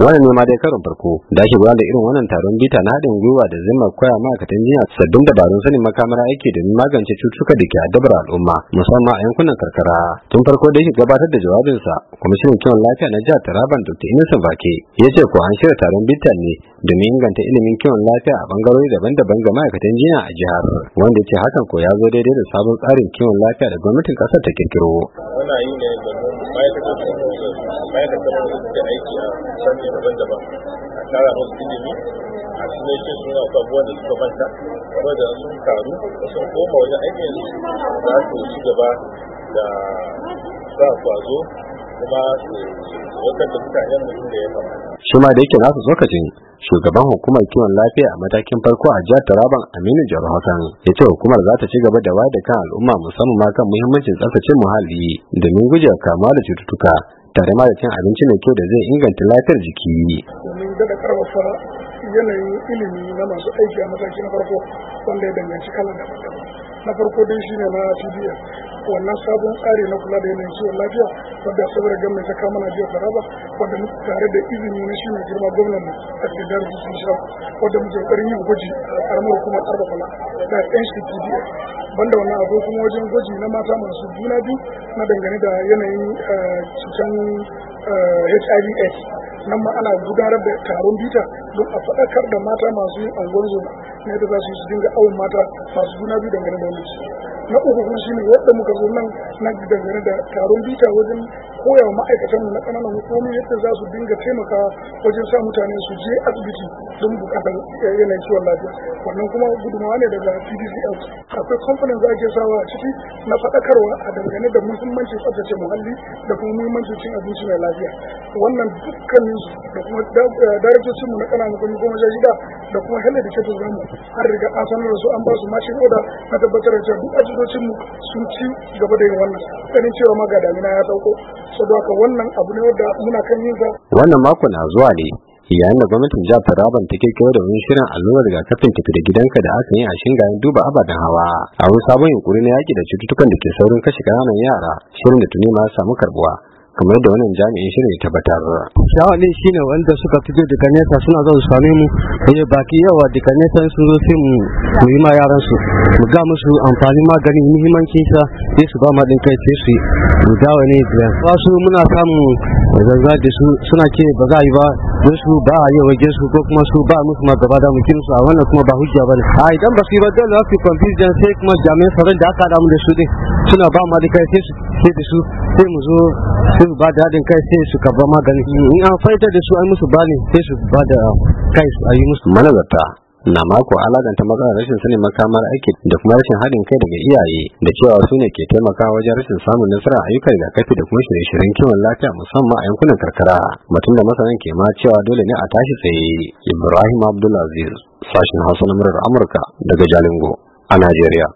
wannan ne ma dai karin farko da ake da irin wannan taron bita na haɗin gwiwa da zai koya ma'aikatan jinya sabbin dabarun sanin makamar aiki domin magance cututtuka da ke addabar al'umma musamman a yankunan karkara tun farko da yake gabatar da jawabinsa kwamishinan kiwon lafiya na jihar taraban dr innocent bake ya ce ko an shirya taron bita ne domin inganta ilimin kiwon lafiya a bangarori daban-daban ga ma'aikatan jinya a jihar wanda ya ce hakan ko ya zo daidai da sabon tsarin kiwon lafiya da gwamnatin ƙasar ta kirkiro. wannan yi ne baya da baya da kamar aiki a sami daban-daban a tara musu ilimi a cikin shi suna abubuwan da suka manta kuma da sun karu da sun koma wajen aikin za su ci gaba da sa kwazo kuma wata da mutanen mutum da ya kamata? shi ma da yake nasu tsokacin shugaban hukumar kiwon lafiya a matakin farko a jihar taraban aminu jaro hakan ya ce hukumar za ta ci gaba da wada kan al'umma musamman ma kan muhimmancin tsaftace muhalli domin gujewa kamuwa da cututtuka tare ma da cin abinci mai kyau da zai inganta lafiyar jiki. domin karfafa yanayin ilimi na masu aiki a matakin farko wanda ya danganci kalan da na farko dai shine na wannan sabon tsari na kula da yanayin kiwon lafiya wadda saboda gwamnati ta kama jiya taraba wadda mu tare da izini na shi mai girma gwamnan mu a tsidar da sun sha wadda ke kokarin yin gwaji a karamar hukumar tarba kula da nctdf banda wannan abu kuma wajen gwaji na mata masu juna biyu na dangane da yanayin eh, cikin hiv eh, aids nan ma ana gudanar da taron bita don a faɗakar da mata masu yin angon zoma na yadda za su yi su dinga awon mata masu juna biyu dangane da wannan na uku ne wadda yadda muka zo nan na gidan da taron bita wajen koya wa ma'aikatan na kananan hukumomi yadda za su dinga taimaka wajen sa mutane su je asibiti don bukatar yanayin ciwon lafiya wannan kuma gudunmawa ne daga pdcl akwai kamfanin za a ke sawa a ciki na faɗakarwa a dangane da muhimmancin tsaftace muhalli da kuma muhimmancin cin abinci mai lafiya wannan dukkanin da kuma eh, mu na ƙananan hukumomi goma sha shida da kuma da kyautar zamu har riga an sanar da su an ba su mashin oda na tabbatar da cewa duk mu sun ci gaba da yin wannan ganin cewa ma ga damina ya sauko wannan abu wanda muna kan yin mako na zuwa ne yayin da gwamnatin jihar Taraban ta kirkiro da wani shirin allurar rigakafin tafi da gidanka da aka yi a shingayen duba abadan hawa a wani sabon yunkuri na yaki da cututtukan da ke saurin kashe kananan yara shirin da tuni ma samu karbuwa kamar da wannan jami'in shirin ya tabbatar. Shawarin shine wanda suka fito daga nesa suna zuwa su same mu eh baki yawa duka ne san su sai mu yi ma yaran su mu ga musu amfani magani muhimmancin sa sai su ba ma din kai sai su mu dawo ne da wasu muna samun zanzar da su suna ke ba za yi ba don su ba a yi wajen su ko kuma su ba musu magaba da mukin su a wannan kuma ba hujja ba ne a idan ba su yi ba dole za confusion sai kuma jami'an tsaron da aka damu da su din suna ba ma kai sai su sai da su sai mu zo sai mu ba da haɗin kai sai su karba magani in an faita da su an musu ba ne sai su ba da kai su a yi musu manazarta na mako alaganta matsalar rashin sanin makamar aiki da kuma rashin haɗin kai daga iyaye da cewa su ne ke taimakawa wajen rashin samun nasara a ayyukan rigakafi da kuma shirye-shiryen kiwon lafiya musamman a yankunan karkara batun da masanan ke ma cewa dole ne a tashi tsaye ibrahim abdulaziz sashen hausa na murar amurka daga jalingo a najeriya